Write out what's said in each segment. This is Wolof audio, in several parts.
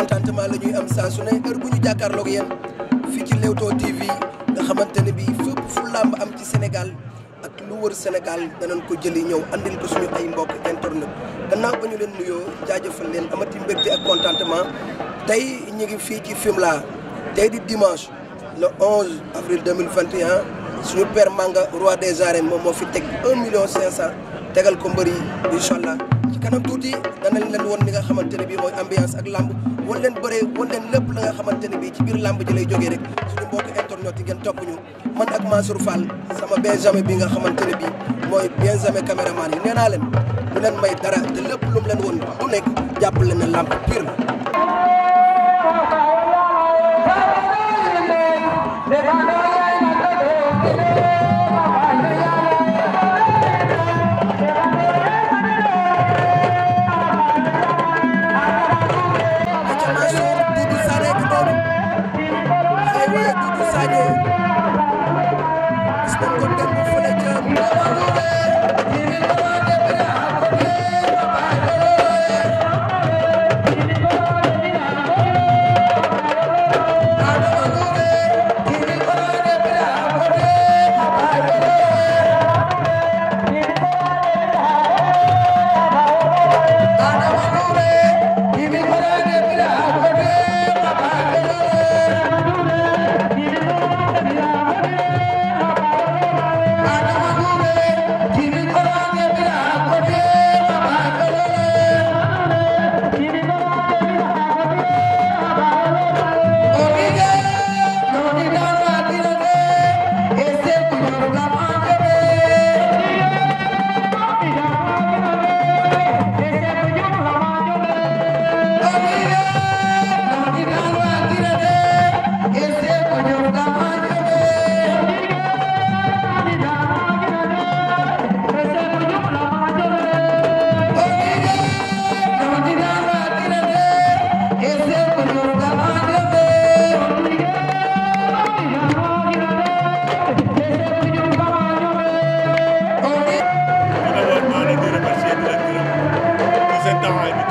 contentement la ñuy am saa su ne heure bu ñu jàkkaarloog yéen fii ci Leewtoo TV nga xamante ne bii fépp fu làmb am ci Sénégal ak lu wër Sénégal danañ ko jëli ñëw andil ko suñu ay mbokk internet gannaaw ba ñu leen nuyoo jaajëfal leen amati mbégte ak contentement tey ñu ngi fii ci Fimela tey di dimanche le 11 avril 2021 suñu père Manga roi des arènes moom moo fi teg 1 million 500 tegal ko mbër yi incha allah ci kanam tuuti danañ leen woon li nga xamante ne bii mooy ambiance ak làmb wan leen bëree wan leen lépp la nga xamante ne bii ci biir làmb ji lay jógee rek suñu mbokku internet yi ngeen topp ñu man ak Mansour Fall sama benjamin bi nga xamante bi bii mooy benjamin caméraman yi nee naa leen bu leen may dara te lépp lu leen woon bu nekk jàpp leen ne làmb la.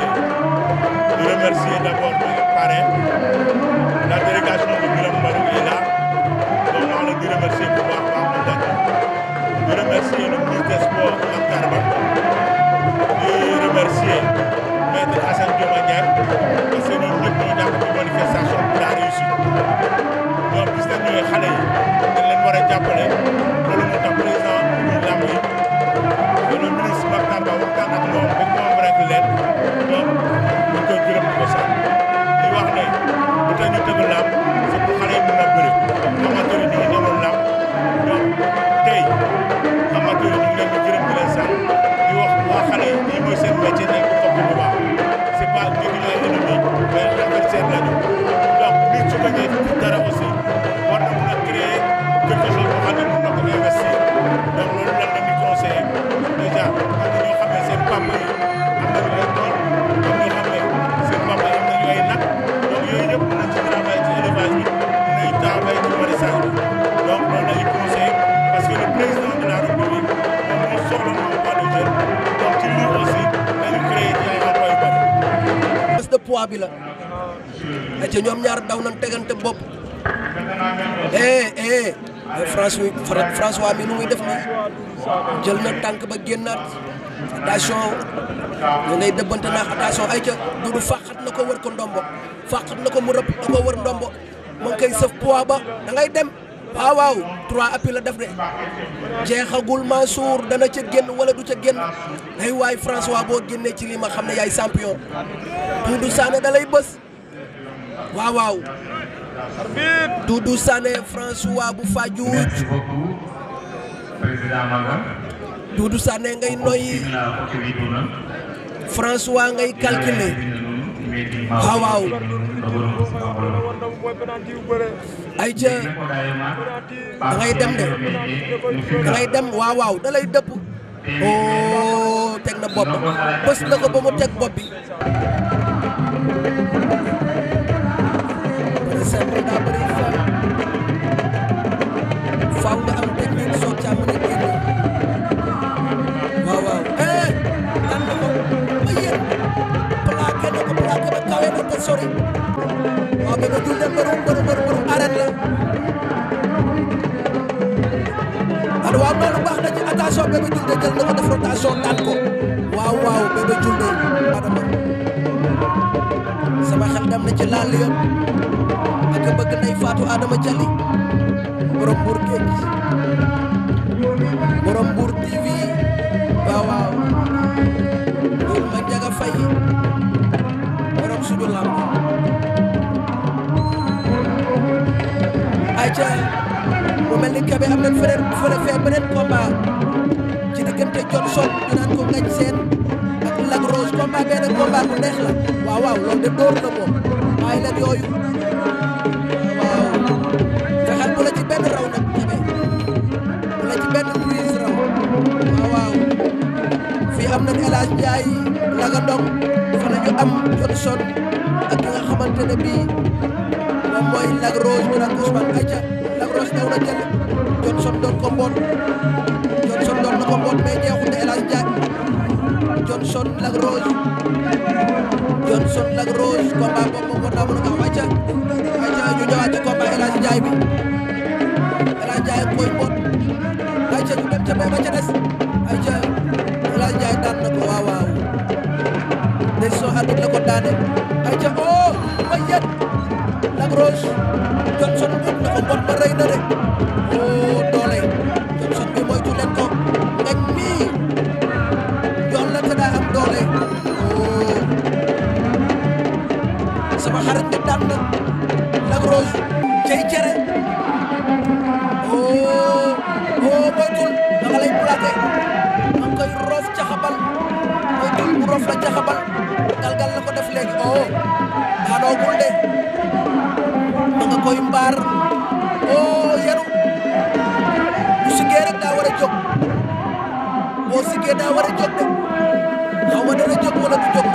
invité di remercier d' abord mes parrains la délégation de Birame Mbarou est là donc maa ngi leen di remercier bu baax a baax di remercier le ministre des sports Makhtar Ba di remercier maître Assane Dioma Ndiaye parce que ñoom ñëpp ñoo jàpp ci manifestation pour la réussite ñoom gis nañ ñooy xale yi dañ poids bi la ñoom ñaar daw na tegante bopp eh eh, eh François François mi nu muy def nii jël na tànk ba génnaat attention ñu ngay dëbbante naax attention ay ca Doudou fàqat na ko wër ko ndombo fàqat na ko mu rëpp ko wër ndombo mu koy sëf poids ba da dem waaw waaw trois appels la def de jeexagul Mansour dana ca génn wala du ca génn ay waay François boo génnee ci lii ma xam ne yaay champion Doudou Sané da lay bës waaw waaw Doudou Sané François bu Fadiouth Doudou Sané ngay noyyi François ngay calculer waaw ay ca da dem de da dem waaw waaw dëpp oo oh, teg na bopp bës na ba mu teg bopp bi bëri simple daa bëri faaw soo ca mën a génn waaw waaw eh daan na ko ba yéen ko plaqué ba production daan ko waaw waaw Bébé Diouldé Adama sama xel dem na ci laal yoon ak bëgg nay faatu Adama Jali borom Mbour géej waaw waaw loolu ma jaga fay borom suñu làmb ayca mu mel ni Kébé am na feneen bu fële fee beneen combat diggante Johnson ñu naan ko ngañ seen ak Lac Rose combat bee nag combat bu neex la waaw waaw loolu de dóor la moom bàyyi leen yooyu waaw fexeel bu la ci benn raw nag ñebe bu la ci benn prise raw waaw waaw fii am nañu El Hadj la ñu am Johnson ak nga xamante ne bii moom mooy Lac Rose ñu naan Ousmane Aïcha Lac Rose daw na jël Johnson doon ko mboon. Ndeye Diakhoune El Hadj Diagne Johnson Lac Rose Johnson Lac Rose combat ko daawoon nga xam ayca ayca ñu ñëwaat ci bi El Hadj Diagne mooy mot ayca ñu des ayca El na ko waaw waaw décision arbitre oh, may yet Lac Rose Johnson mot na ko mot rey na Lamine oo daanoogul de ma nga koy mbaar oo yaru bu siggee rek daa war a boo siggee daa war a jóg de xaw ma dana jóg wala du jóg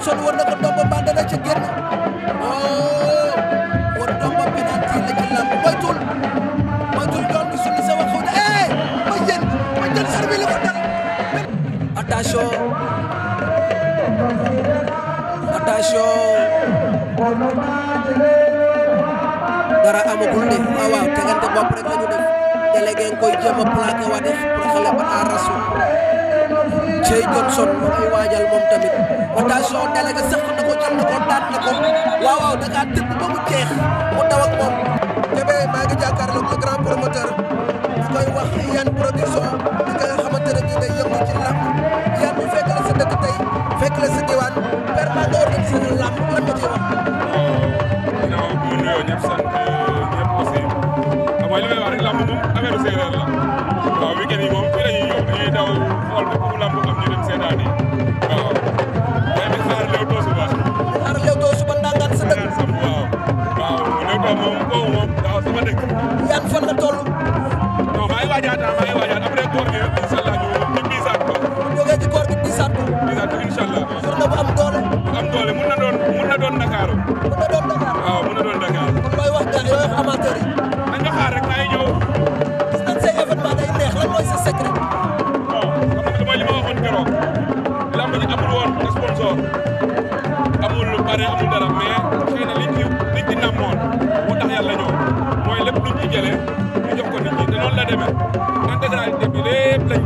Jackson war na ko ndomba ba dana ca génn oh war ndomba penalty la ci lamb moytul moytul doon bi suñu sa waxoon eh ma jël ma jël sar bi la ko dal attention attention dara amagul de ah waaw tegante koy jéem a plaqué waa def pour xale ba aar rasu cey Johnson ma koy waajal moom tamit attention a sëq na ko jël na ko daan na ko waaw waaw da ngaa tëdd ba mu jeex mu daw ak moom. Kébé maa ngi jàkkaarloo ko grand promoteur koy wax yan production.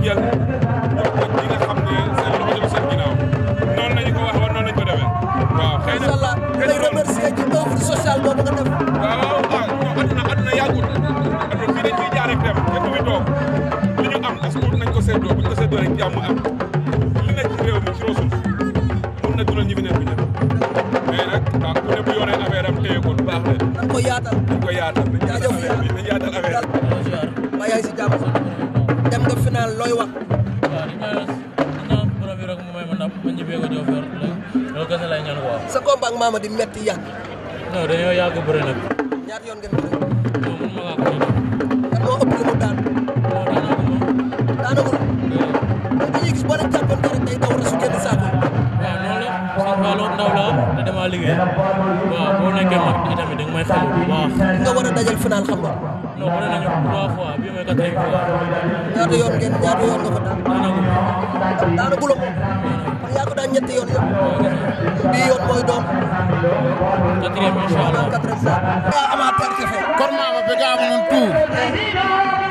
jël jox ko ñi nga xam ne seen lu ma jëm seen ginnaaw noonu lañu ko waxee woon noonu lañu ko defee waaw xëy na xëy na remercier ci œuvre sociale boobu nga def waaw waaw waaw àdduna àdduna yàggul kese lay ñaan waaw. sa combat ak Mamadi metti yàgg. non dañoo yàgg bëri nag. ñaar yoon ngeen bëri. non man maa ko doon. kan moo ëpp lu mu daan. waaw daanaka ma. daanaka ma. waaw. dañuy gis boo leen jàppoon dara day daw rasu kenn saako. waaw noonu la sëñ Fallou ndaw la te damaa liggéey. waaw boo nekkee mag itamit da nga may xamu bu baax. nga war a dajal final xam nga. non wane nañu trois fois bii mooy quatrième fois. ñaata yoon ngeen ñaata yoon nga fa daan. daanaka ma daanaka ma. ñetti yoon yoon bii yoon mooy doom. quatrième incha allah quatrième fois. waaw ma bëgg a am ñun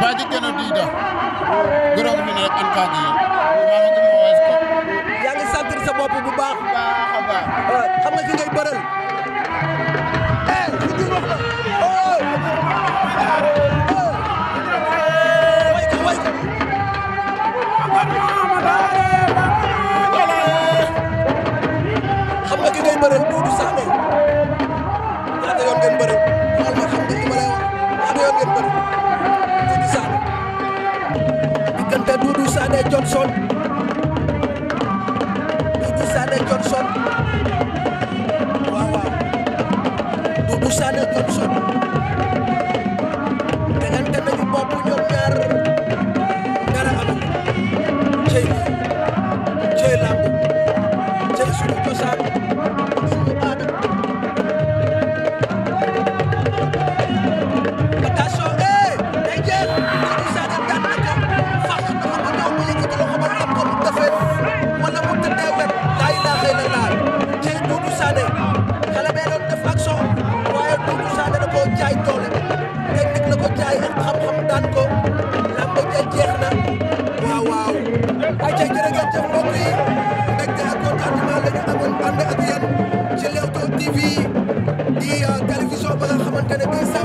baa ji gën a di dox. gërëm ñu ne rek ANCAR ji. maa ngi gën a ko. yaa ngi sentir sa bu baax. baax a baax. xam nga ki qualification ba nga xamante ne bii